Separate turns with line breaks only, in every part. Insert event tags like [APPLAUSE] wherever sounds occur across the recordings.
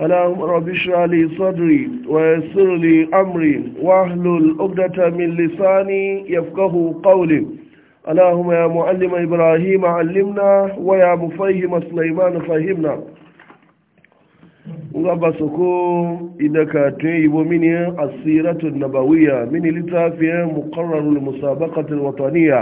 اللهم رب اشرح لي صدري ويسر لي امري واحلل عقدة من لساني يفقه قولي اللهم يا معلم ابراهيم علمنا ويا مفهم سليمان فهمنا ngaba soko idaka te ibo mini asiratu nabawiya mini litafiya muqarrarul musabaqati alwataniya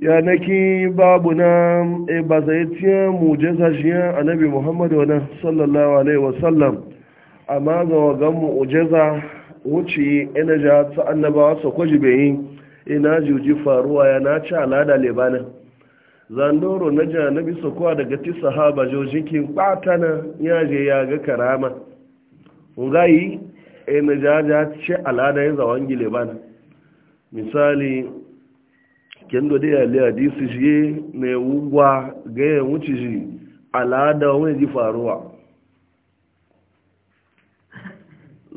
yanaki babu na e ba zai tiya mujiza jiya annabi muhammadu wani sallallahu alaihi wasallam amma ga wagan mujiza wuce ina ja ta annabawa su kwaji bayi ina juji faruwa ya na ci alada lebanin zandoro na ji nabi su kuwa daga ti sahaba jojin kin batana ya je ya ga karama ngayi ina ja ja ci alada ya zawon lebanin misali kendo de Ali le hadisi shi ne wugwa ga ya wuce shi al'ada wani ji faruwa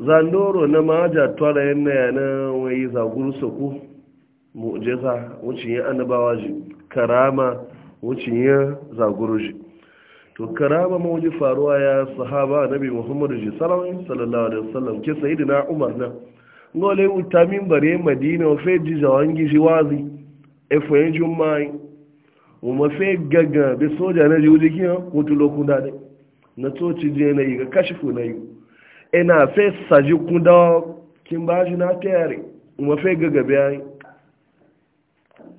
zandoro na maja twara yana yana wani zaguru soko mu'jiza wucin ya annabawa ji karama wucin ya zaguru ji to karama ma wuji faruwa ya sahaba nabi muhammadu ji sallallahu alaihi wasallam ke sayyidina umar na ngole utamin bare madina wa fe ji zawangi ji wazi efoyin jummai mu mafi gaggan da soja na jiwu jikin mutu lokunda na yìí je na yi ga kashifu na ina fe saji kunda kin ba na tayari mu mafi gaggan bayan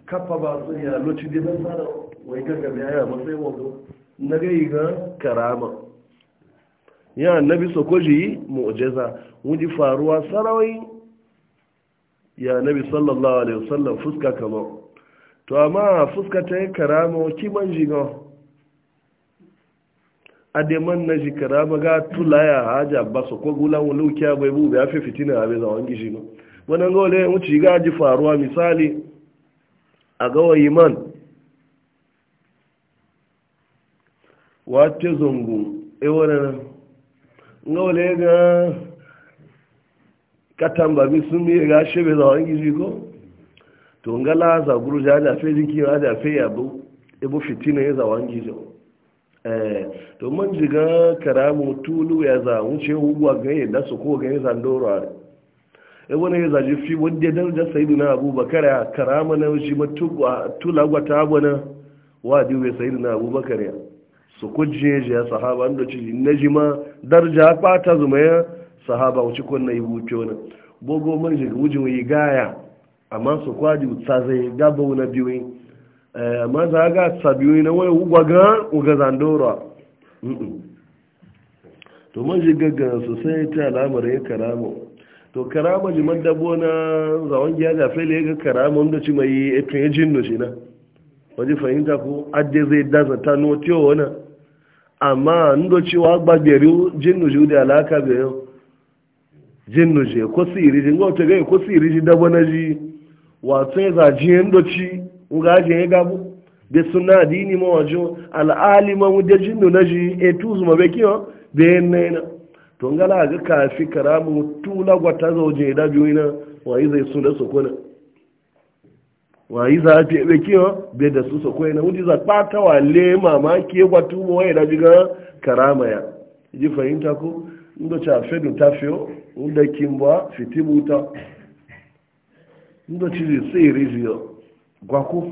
kafa ba sun ya loci da zan sana wai gaggan bayan mafi wazo na ga yi ga karama ya nabi sokoji mu'jiza wuji faruwa sarawai yà nabi sallallahu alaihi sallam, fuska kamar to amma fuska ta yi karama kiman jiga ademan na ji karama ga tulaya haja basu ko gulan wulu kya bai bu ya fi fitina abe za wangi jiga wannan gole mu ga ji faruwa misali a ga wayi man wace zungu e wannan gole ga katamba bi sun ga shebe za wangi jiga to ngala za guru ja da fe jiki ya da fe ya bu ibu e fitina ya za wangi jo eh to man jiga karamu tulu ya za wuce huwa ga ya da su ko ga ya zandoro a ibu ne e za ji fi wanda da da sayyidina abubakar karama na shi matugwa tulagwa ta bana wa na sayyidina abubakar ya su kujje ya sahaba ando ci najima darja zuma ya sahaba wuce ko na ibu kyona bogo man jiga wujin yi gaya amma su kwadi zai gaba na biyu eh, amma za ga biyoyi na wani ugwaga uga zandora to man shi gaggan sosai ta alamar ya karama to karama jiman dabo na zawon giya ga fele ga karama wanda ci mai eto ya jinnu shi na waje fahimta ko adde zai daza ta notiyo wani amma ndo cewa gbagbere jinnu shi da alaka bayan jinnu shi ko siri shi ga wata gai ko siri ji dabo na ji wato ya zaji yadda ci ugajen ya gabu da suna dini ma wajo al'alima wudajin da naji e tuzu ma bekiyo da yin yana to gala ga kafi karamu tula gwata zauje da biyu na wayi zai su kuna wayi za fi bekiyo bai da su sokona wudi za kpata wa le mamaki ya gwatu mo wayi da biga karama ya ji fahimta ko ndo cha fedu tafio unda kimbwa fitibuta inda ci tsaye rijiyo gwako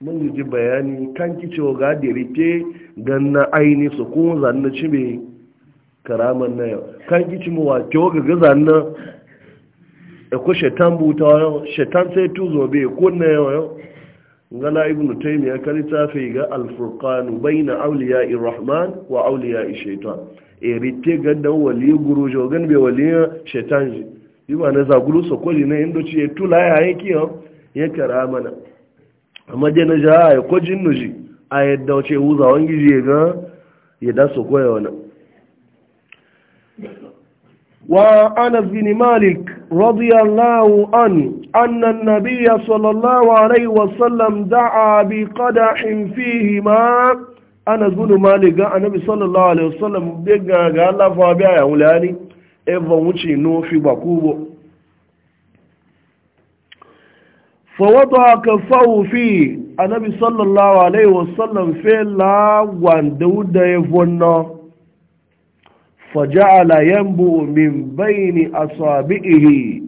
mun ji bayani kan kicewa ga da rike ganna aini su kuma zanna ci mai karaman na yau kan kici mu wa kyau ga zanna da ko shetan buta yau shetan sai tuzo bai ko na yau yau na ibnu taymiya kan fi ga al-furqan bayna awliya ar-rahman wa awliya ash-shaytan e rite ga dan wali gurujo gan be wali shetan yiwa na zagulu sokoli na indo ci ya tula ya ki yau ya kara mana amma dai na ja ya kwajin nuji a yadda wace wuza wangi ji ya ga ya da sokoya wani wa anas bin malik radiyallahu an anna nabiyya sallallahu alaihi wasallam da'a bi qada'in fihi ma anas zunu malik ga annabi sallallahu alaihi wasallam bega ga lafa biya ya wulani evan wuce nufi ba kubo fawata ka fi annabi sallallahu alaihi wasallam fe lagwan dauda ya vonna faja'ala yanbu min baini asabi'ihi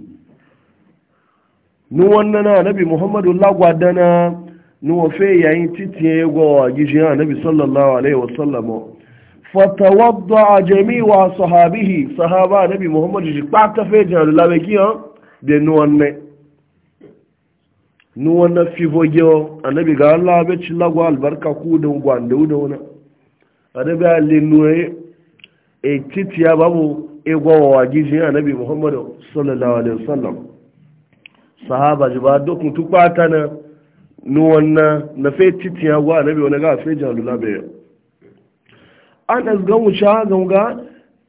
nu wannan anabi muhammadu lagwadana nu fe yayin titiye go gijin anabi sallallahu alaihi wasallam fatawadda jami'a sahabihi sahaba nabi muhammad ji pata fe jan lawe kiyan de nuwanne nuwanne fifoge o annabi ga Allah be albarka ku da gwande da wona annabi alle titiya babu gizi alaihi sahaba ba dokun tu pata na nuwanne na fe anas ga mu sha ga ga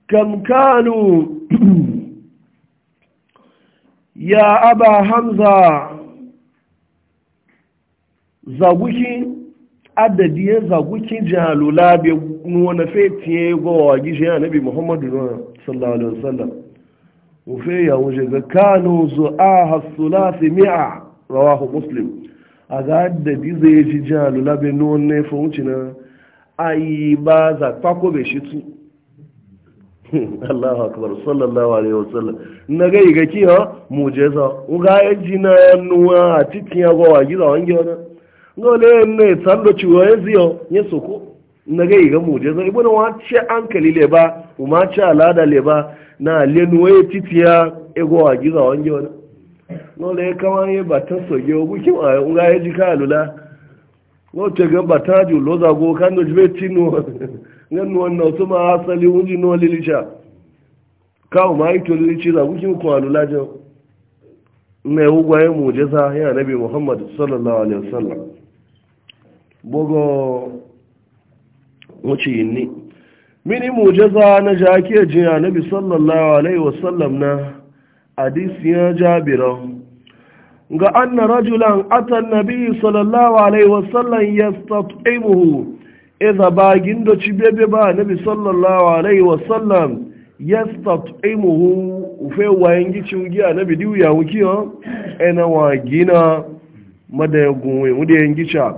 kam kanu [CLEARS THROAT] ya aba hamza zaguki adadi ya zaguki jalula be wani fetiye ga wagi ya nabi muhammadu sallallahu alaihi wasallam ufe ya wuce ga kanu zu'a hasulasi mi'a rawahu muslim a ga adadi zai ji jalula be wani na. ayi ba za tako bai shi tu Allahu akbar sallallahu alaihi wasallam na ga iga kiyo mujeza uga yaji na nuwa a titin ya gowa gida wange wani ga wale ne tsando ciwo ya ziyo ya soko na ga mujeza ibu na wace an kali le ba umarci alada le ba na lenuwa ya titiya ya gowa gida wange wani ga wale kawai ba ta soge wa gukin a ka lula wọ́n gan bàtájù lọ́zàgó kánò jẹ́ tínú nínú ọ̀nà tó máa sálé oúnjẹ náà lílíṣà káwọn máa ń tó lílíṣà ìlàgún kí n kọ àlò lájọ na yi hugwa yin mujisa muhammad sallallahu alaihi wasallam bugo ni mini na jakiyar jiya alaihi na ya ga anna rajulan atan nabi sallallahu alaihi wasallam yastat'imuhu idza bagin do cibebe ba nabi sallallahu alaihi wasallam yastat'imuhu ufe wayangi ciugi nabi diwu ya wa gina ena wagina madayagun we mude yangicha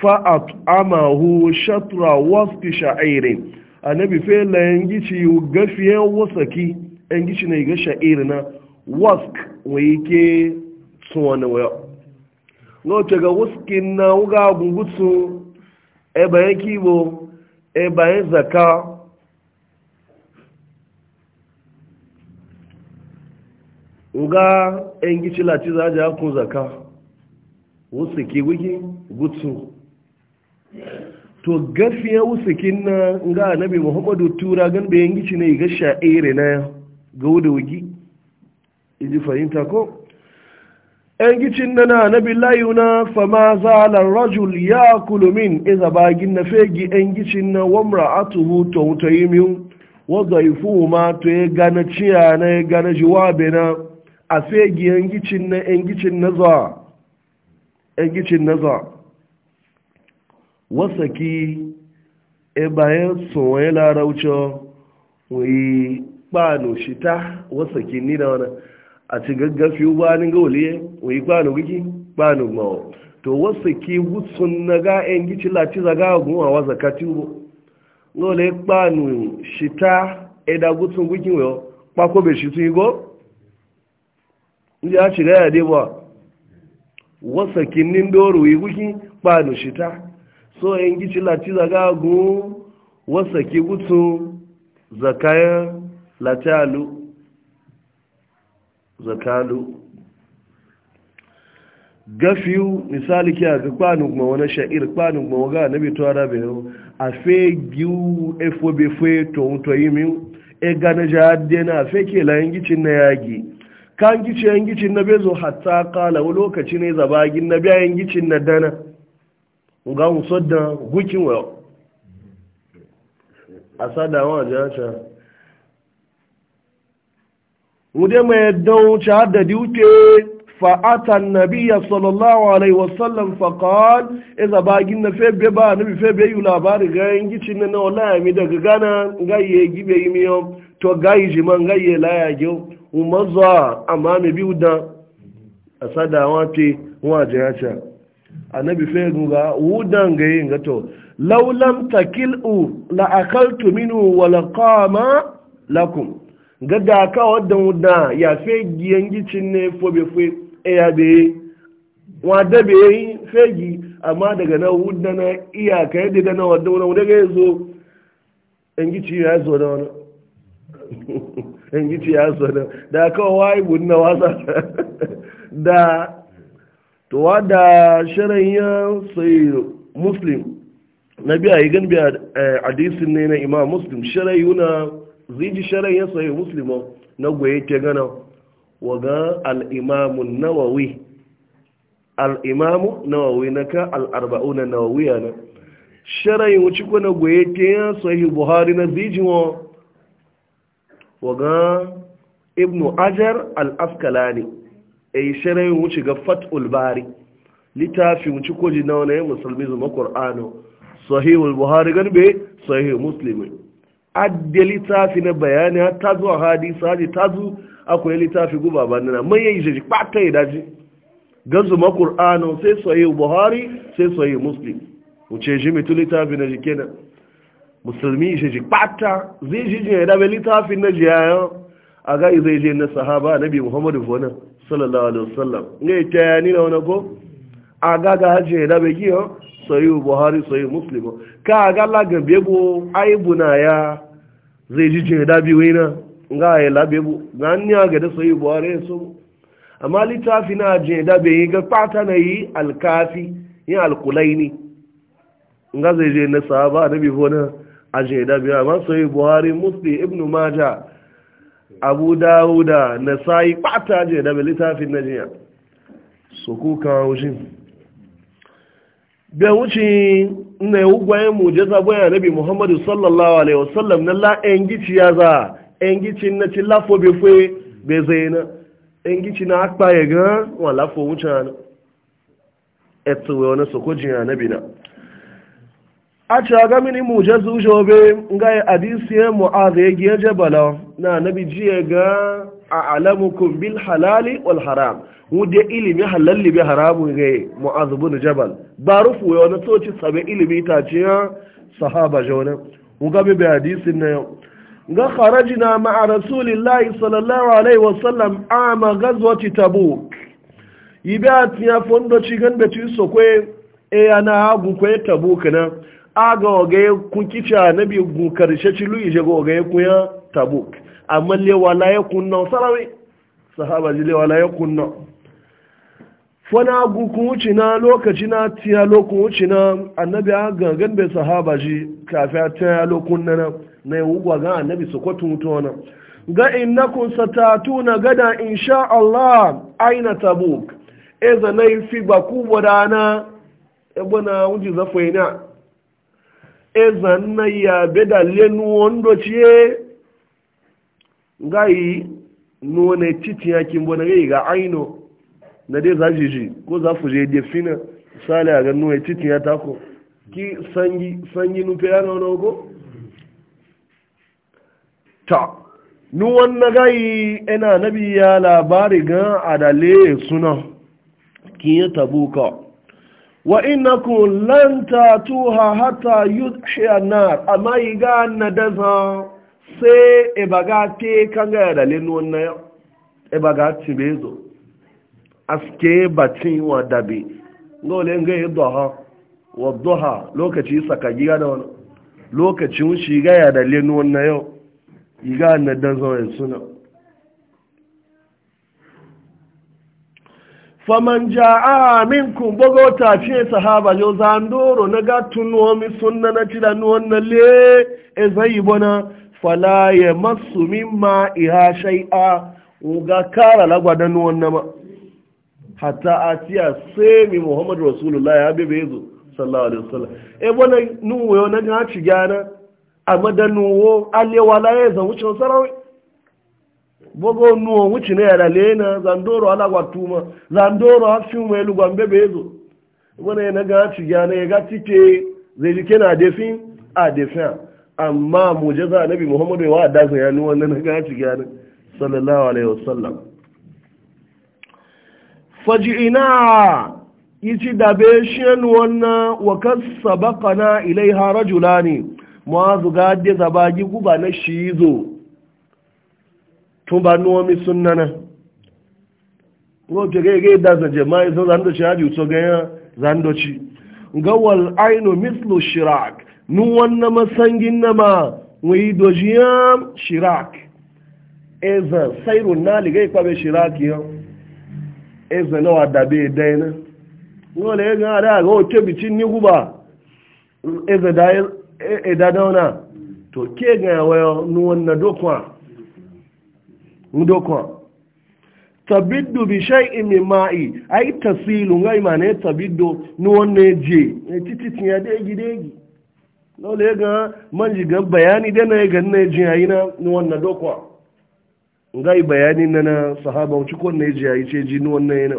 fa wasu shatra wasfi sha'irin annabi fe la yangici gafiye wasaki na ne ga sha'irina wasu wai ke tun wani no ce ga wuskin na wuga gungutsu e bayan kibo e bayan zaka wuga yan gici lati za ja kun zaka wuski wiki gutsu to gafiya wuskin na ga annabi muhammadu tura gan bayan gici ne ga sha'ire na ga wuda wugi iji fahimta ko ‘yan gicin na na nabi layuna fama zalar rajul ya kulumin iza bagin na fegi ‘yan gicin na wamra atuhu ta wuta yi min wadda ifu ma to ya gana ciya na ya e gana jiwabe na a fegi ‘yan gicin na ‘yan gicin na za ‘yan gicin na za ki e bayan tsohon e larauci wai kpanu shita wasa ni da wani àti gaggafi wá ní gauliye wòye gbánu wiki gbánu gbọ́ to wasu ki hutsun na ga en gici lati zaga gun awa zakati ubo lole gbánu shita ẹ̀dà gutsun wiki wọ́ pákóbe shi tun igbó ndị a shiga ya dịbọ wasu ki nin doro yi wiki gbánu shita so en gici lati zaga gun wasu ki hutsun zakayen lati alu zakalu gafiyu misali ki a kwanu kuma wani sha'ir kwanu kuma waga na bi tuwara bai yau a fe giwu efo be fe tun yi min e gane jihadde na a fe ke la gicin na yagi kan gice gicin na bezo hatta kala wani lokaci ne zabagin na biya gicin na dana ga musadda hukin wa a sadawa jihata wude mai don shahada duke fa'atan nabiya sallallahu alaihi wasallam faqal iza bagin na febe ba nabi febe yi labari ga yangici na na wala mi daga gana gaye gibe yi miyo to gayi jiman gaye laya ge umarza amma mi bi da asada wace waje ya ce annabi fe ga wudan ga yin ga to laulam takilu la akaltu minu wa laqama lakum gaga ka wadda wuda ya fe giyangi ne fobe be fo e eya be wa da be fegi amma daga na wuda na iya ka yadda da na wadda wadda ga yazo engici ya zo da wani engici [LAUGHS] ya zo da da ka wai wasa [LAUGHS] da to shirin ya sai muslim biya yi gan a eh, hadisin ne na imam muslim yi ziji sharai ya sahi musulman na goye ke gana waga al'imamu nawawi al'imamu nawawi na ka al'arba'u na nawawi yana sharai wuce kuna goye ke ya sahi buhari na zijiwa waga ibnu ajar al'afkalani e, a yi sharai wuce ga fat'ul bari littafi wuce koji na wani musulmi zuma ƙor'ano sahihul buhari garbe sahihul musulmi adda litafi na bayani har ta zuwa hadisa haji ta zu akwai littafi guba ba nana man yayi jeji kwata ya daji ganzu ma qur'ano sai sahih buhari sai sahih muslim wuce ji mitu littafi na jikena musulmi jeji kwata zai ji ya da littafi na jiyayo a ga zai je na sahaba bi muhammadu fona sallallahu alaihi wasallam ngai tayani na wani ko aga ga haji ya da bai giyo oh? sahih buhari sahih muslim ka ga la gambe go na ya zai ji jin da biyu nga ga ya labe bu ga ni ga da sai buhari so amma littafi na jin da be ga fata na yi alkafi yin alkulaini ga zai je na sahaba nabi bona a jin da biyu amma sai buhari musli ibn majah abu dawuda nasai fata je da litafin na jiya su kawo shi bai wuce na yi ugwayen mujaza bayan nabi muhammadu sallallahu alaihi wasallam na la'en gici ya za en gici na ci lafo bai fwe bai zai na na akpa ya ga wa lafo wuce na etsuwe wani sokojin ya bi na a ci aga mini mujaza wuce obe ga na ji ya ga halali haram wude ilimi halalli bi haramun ga mu'az bin jabal ba rufu ya wani soci sabe ilimi ta ce sahaba jauna Mu ga bi hadisin na yau ga kharajna ma'a rasulillahi sallallahu alaihi wa sallam ama ghazwati tabuk ibat ya fondo ci gan be ci sokwe e ana agu kwe tabuk na aga ga kun kicha nabi gun karshe ci luyi je go kun ya tabuk amma le wala ya kunna sarawi sahaba jile wala ya kunna fana gukun wuce na lokaci na tiya lokun wuce na annabi a gangan bai sahaba ji kafin a tiya lokun na na na yi wugwa ga annabi su kwatun mutuwa na ga kun satatu na gada insha Allah aina tabuk e zana yi fi ba ku na, ebe na wuji zafa yi na e zana ya beda lenu wando ciye ga yi nuna ya yakin bane gai ga aino na dai za shi ko za ku je fina Sale a ganin nuna cikin ya tako ki sanyi sanyi nufe ya nauna ko ta nu wannan gai ina nabi ya labari ga adale suna ki ya tabuka wa tuha hata tatuha shi a nar amma yi ga na dazan sai ebaga ke gaya ya dalilin wannan ya ebaga cibe zo aske bacin wa dabe ga wale ga yi doha wa doha lokaci saka giga da wani lokacin shiga ya dalilin wannan yau iga na dan zama suna faman ja'a minkum bogo ta ce sahaba yo zandoro na ga tunuwa mi sunna na tida nuwan na le e zai bona fala ya masu mimma iha shai'a ga kara lagwadan wannan ma hata a tiya sai mi muhammad rasulullah ya bebe yazo sallallahu alaihi wasallam e bona nuwo yo na ga ci gana a madanuwo alewa la ya zan wucin sarawi bogo nuwo wuci ne ya na zandoro ala gwatuma zandoro a fi mai lugan bebe yazo bona ya na ga ci gana ya ga tike zai jike na defin a defin amma za nabi muhammadu wa da sa yanu wannan ga ci gani sallallahu alaihi wasallam faj'ina yace da be shin wannan wa kasabaqana ilaiha rajulani muazu ga de zabagi guba na shizo tun ba nuwa mi sunnana ngoke ga ga da sa jama'i so zando ci haji so ga zando ci gawal ainu mislu shirak nu wannan masangin nama wai dojiyan shirak eza sairun na ligai kwabe shirak yau eza na dai na wale ya gana ga oke bicin ni guba eza da eda dauna to ke gaya wayo nu wannan dokwa ndokwa tabiddu bi shay'in min ma'i ai tasilu ngai mane tabiddu nu wannan je titi ya de gidegi dole ga man jiga bayani da na ga na ji yayi na wannan dokwa ngai bayani na na sahaba wuci ko na ji yayi ce ji ni wannan yana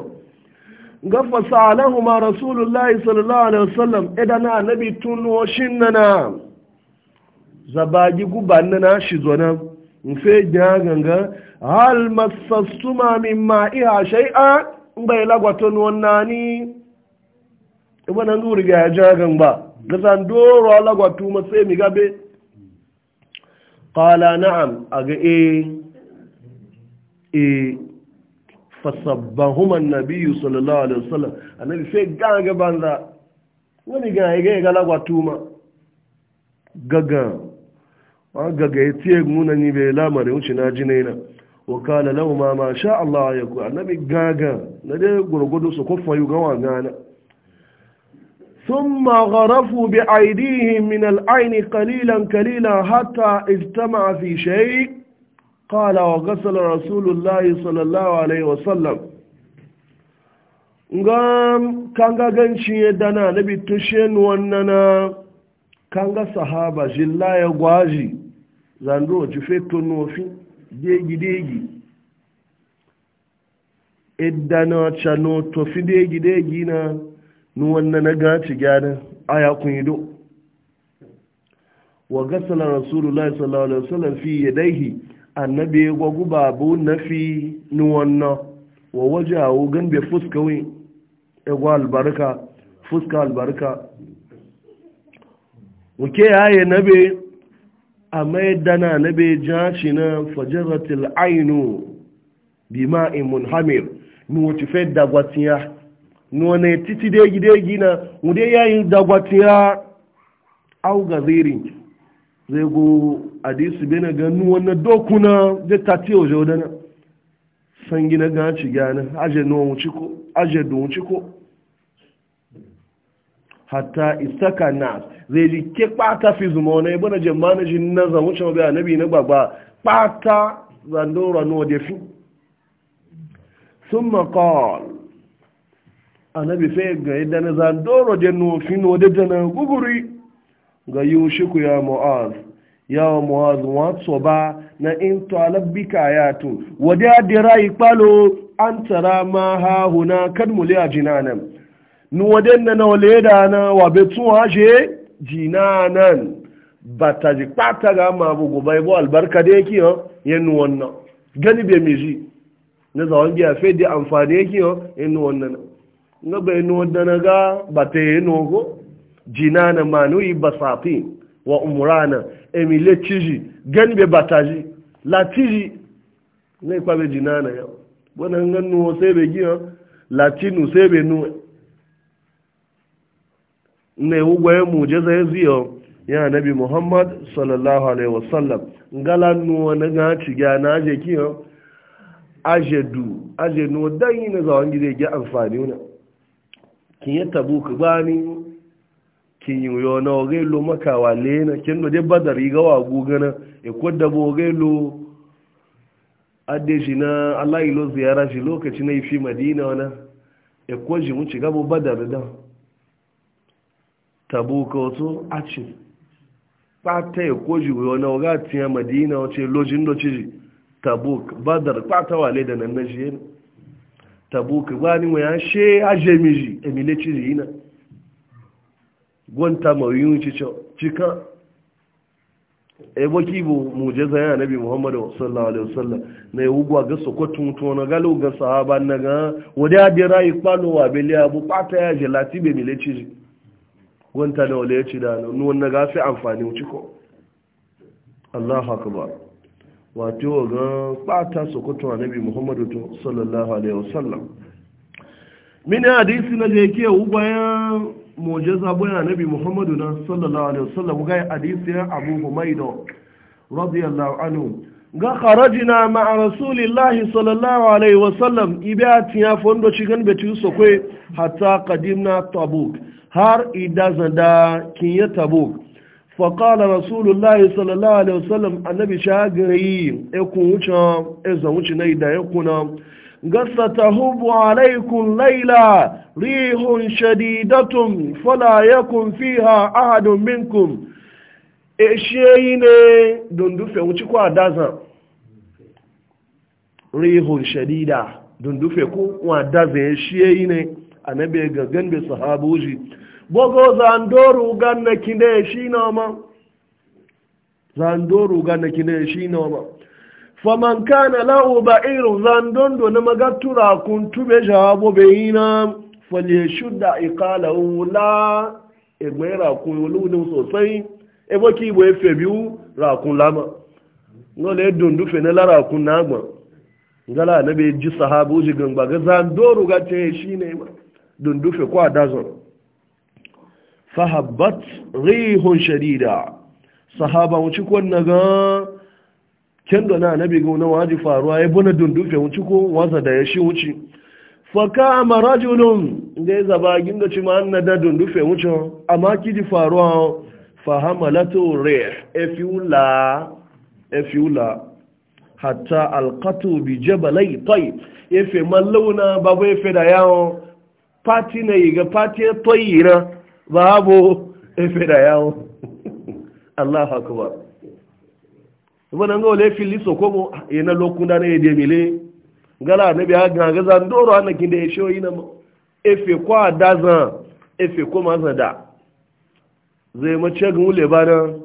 ga fasalahu ma rasulullahi sallallahu alaihi wasallam idan e na nabi tun shin na na zabaji guban na shi zona in fe ga ganga hal masastuma mimma iha shay'a bai lagwaton wannan ni ibana nguri ga jagan ba gazandoro alagwa tuma sai mi gabe kala na'am a ga e e fasabbahuma na biyu sallallahu alaihi wasallam annabi sai ga banza wani ga ga ga alagwa tuma gaga wa gaga tiye muna ni bai lamarin wuce na jina yana kala lahu ma ma sha Allah ya ku annabi gaga na dai gurgudu su kofa yi gawa gana ثم غرفوا بأيديهم من العين قليلا قليلا حتى اجتمع في شيء قال وغسل رسول الله صلى الله عليه وسلم ngam kanga ganci yadda na nabi tushen wannan kanga sahaba jilla ya gwaji zando ci feto nofi degi degi idda na na ni wannan na gaci gyanin aya kun yi do wa gasala rasulullahi sallallahu alaihi wasallam fi yadaihi annabi ya gwagu babu na fi nu wannan wa wajahu gan bai fuska wi egwa albarka fuska albarka wuke aye nabe a yadda dana nabe jaci na fajaratil ainu bima'in munhamir ni wuce fai dagwatiya nuna titi degi degi na wude yayin dagwatiya au ga ziri zai go adisu bena ga nuna dokuna da tatiyo jodana san gina ganci gana aje nuwan wuciko aje don wuciko hatta istaka nas zai ji ke kpata fi zuma wani ibi na jemana ji na zan wuce mabi anabi na gbagba kpata zandora nuwa defi sun makon anabi fe ga yadda na zan doro da nufin wadda da na guguri ga yushiku ya mu'az ya mu'az wato ba na in talabbika ya to wadda dira rayi an tara ma ha huna kan muliya jinanan nu wadda na na wale da na wa betu haje jinanan ba ta ji kpata ga ma bu gobe bo albarka da yake yo yanu wannan gani be miji na zawon biya fe da amfani yake yo yanu wannan nga bai no danaga bata yi nogo jinana manuyi basafin wa umurana emile ciji ganbe bataji latiji ne kwa be jinana ya bona nganu o sebe giya latinu sebe nu ne ugwe mujiza yeziyo ya nabi muhammad sallallahu alaihi wasallam ngala nu na ga ciga na aje kiyo aje du aje nu dan yi na zawon gida ya amfani wani kin yi tabu ku bani kin yi yo na oge lo maka wa lena, kin do de badar yi gawa gugana ya e kwadda bu bo oge lo adeji na Allah ilo ziyara shi lokaci na ifi madina wana ya e kwaji ji mun ci gabo badar da tabu ka wato a ci pata e ko ji yana na oga tiya madina wace lojin do ci tabuk badar kwata wale da nan na shi tabuk ba ni mo ya she ajemiji emile chirina gwanta mawiyun cicho cika ebo kibo mujeza ya nabi muhammadu sallallahu alaihi wasallam na yi ugwa ga sokotun to na galo ga sahaba na ga wadda adira ikpalo wa bele abu pata ya jelati be mile chiri gwanta na wale ya ci da nuna nuwan na amfani wuciko Allahu akbar wato ga ɓata sokoto nabi muhammadu sallallahu alaihi wasallam Min hadisi na je ke bayan mujiza bayan nabi muhammadu na sallallahu alaihi wasallam ga hadisi ya abu humaido radiyallahu anhu ga kharajina ma rasulillahi sallallahu alaihi wasallam ibati ya fondo cikin betu sokwe hatta qadimna tabuk har idazada kinya tabuk faƙala rasulullahi sallallahu alaihi wasallam annabi shagari ikun wucin izan wuce na da ya kuna gasa ta hubu alaikun laila rihun shadidatun fala yakun fiha ahadun minkum ishe yi ne dundufe wuce kwa dazan rihun shadida dundufe ko wa dazan ishe yi ne annabi gangan bai bogo zandoru ganna kine shi noma zandoru ganna kine shi noma faman kana lahu ba'iru zandondo na magatura kun tube jawabo ina fali shudda iqala la ni so sai e bo ki ibo efe biu rakun lama ngole dundu fe na kun na gba ngala na be ji sahabu ji gangba ga zandoru ga ce shine dundu fe ko adazo fahabbat rihun shadida sahaba ciko kon naga kendo na nabi ga wani waji faruwa ya buna dundufe wuci ko wasa da ya shi wuce. faka ama rajulun da ya zaba ginga ci ma'an na da dundufe wuci amma ji faruwa fahamalatu rih efiula efiula hatta alqatu bi jabalai tay efe mallauna babu efe da yawo pati na yiga pati toyira babu efe da yawo allah akubar wannan ga wale fili sokomo yana eh, lokuna na yadda mile gala na biya ga gaza ndoro anakin da ya shoyi na efe kwa da zan efe kuma zan da zai mace ga wule ba nan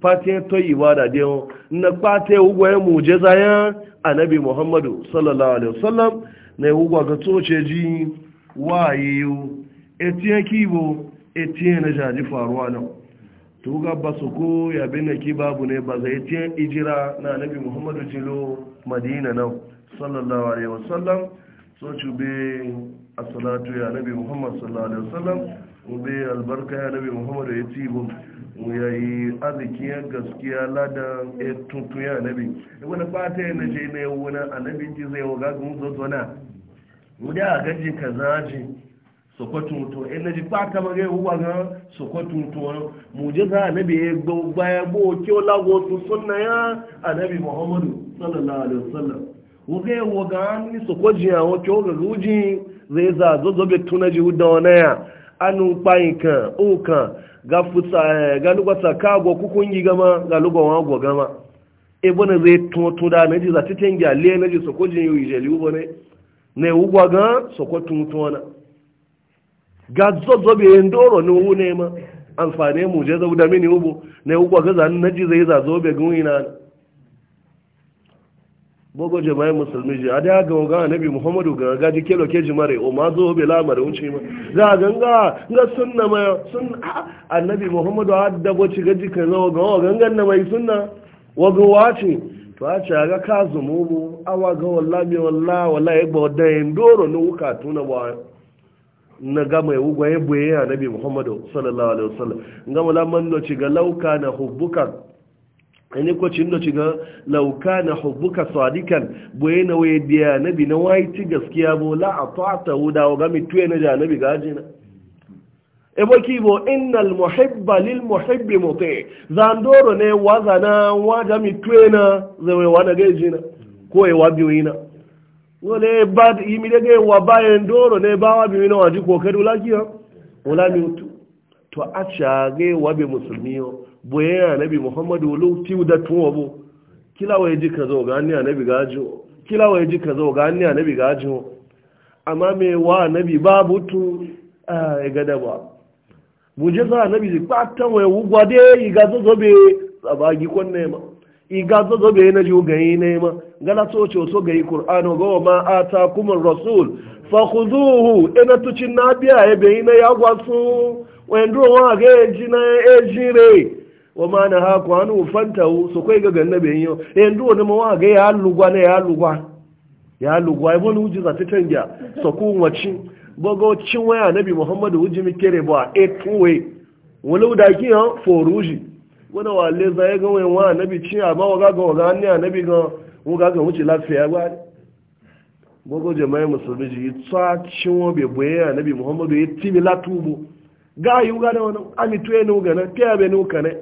fatiyan toyi ba da dewa na fatiyan ugwayen mujeza ya annabi muhammadu sallallahu alaihi wasallam na yi ugwa ga tsoce ji wa yiwu etiyan kibo etiye na jaji faruwa nan tuga ba su ko ya da ki babu ne ba zai tiyan ijira na nabi muhammadu jilo madina nan sallallahu alaihi wasallam so cube a salatu ya nabi muhammadu sallallahu alaihi wasallam ube albarka ya nabi muhammadu ya tibu ya yi ya gaskiya ladan ya tuntun ya nabi wani fata ya na je na yawon wani anabin ji zai waga gun zo zona mu da a gaji ka zaji sokotunto enaji eh, pata mage huwa na sokotunto mujiza anabi egbo gbaya bo ki olago to sunna ya anabi muhammadu sallallahu alaihi wasallam wo woga ni sokoji awon ki oga ruji reza zozo be tunaji huda ona ya anu pa nkan o kan ga futa ga eh, ka go kukungi gama ga lugwa wago gama e bona zai tuntun da naji za titengi ale naji sokoji yi jeli ubone ne ugwa ga tuntun na ga zozo be ndoro wu wune ma amfane mu je zau da mini ubu ne uku ga zan ji zai za zo be gun na bogo jama'i musulmi je ada ga ga annabi muhammadu ga ga ji kelo ke mare. o ma zo be mare unci ma za ga ga sunna ma sunna annabi muhammadu adda bo ci ji kan zo ga ga na mai sunna wa ga wace to a ce ga ka zumubu awa ga wallahi wallahi wallahi ba da ndoro no uka tuna ba na gama ya wugwa ya buye ya nabi muhammadu sallallahu alaihi wasallam gama laman da ci ga lauka na hubbuka ani ko ci da ci ga lauka na hubbuka sadikan buye na waye biya nabi na wayi ci gaskiya bo la ata'ta huda wa gami tuye na ja nabi na e bo bo innal muhibba lil muhibbi muti zandoro ne wazana wa gami tuye na zai wa na gajina ko ya wabiwina wale ba yimi dege wa bayan doro ne ba wa bimina waji kokari ulaki ha wala mi utu to a shage wa be musulmi yo boye annabi muhammadu lu ti da tun obo kila waye ji kazo ga anabi annabi gajo kila waye ji kazo ga annabi annabi gajo amma me wa annabi babu tu a e ga da ba mu je za annabi patan waye wugwa de igazo zobe sabagi konne ma igazo zobe na ju gayi ne gana so ce so gayi qur'anu ga ma atakumur rasul fakhuduhu ina tucin na biya ya bayi na ya gwasu wendo wa ga ejina ejire wa ma na haku anu fantahu so kai ga ganna bayin yo endo na ma wa ga ya lugwa na ya lugwa ya lugwa ibo lu ujiza titanja so ku wachi bogo cin waya nabi muhammadu ujimi kere ba etuwe wala da ki ha foruji wala wale zai ga wayan wa nabi ci amma waga ga waga ne nabi ga ko ga ga wuce lafiya ba gogo jama'i musulmi ji tsa cinwo be boye nabi muhammadu ya timi latubu ga yi ga da wani amitu ya nuga na ta be nuka ne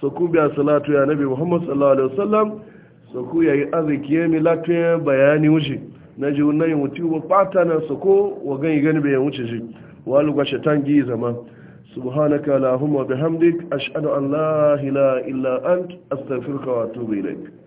so ku biya salatu ya nabi Muhammadu sallallahu wa sallam, so ku yayi arziki ya mi latuya bayani wuce na ji wannan yin wuti ba fata na so ko wa gani gani bai wuce shi wal gwa shaitan gi zama subhanaka allahumma bihamdik ashhadu an la ilaha illa ant astaghfiruka wa atubu ilaik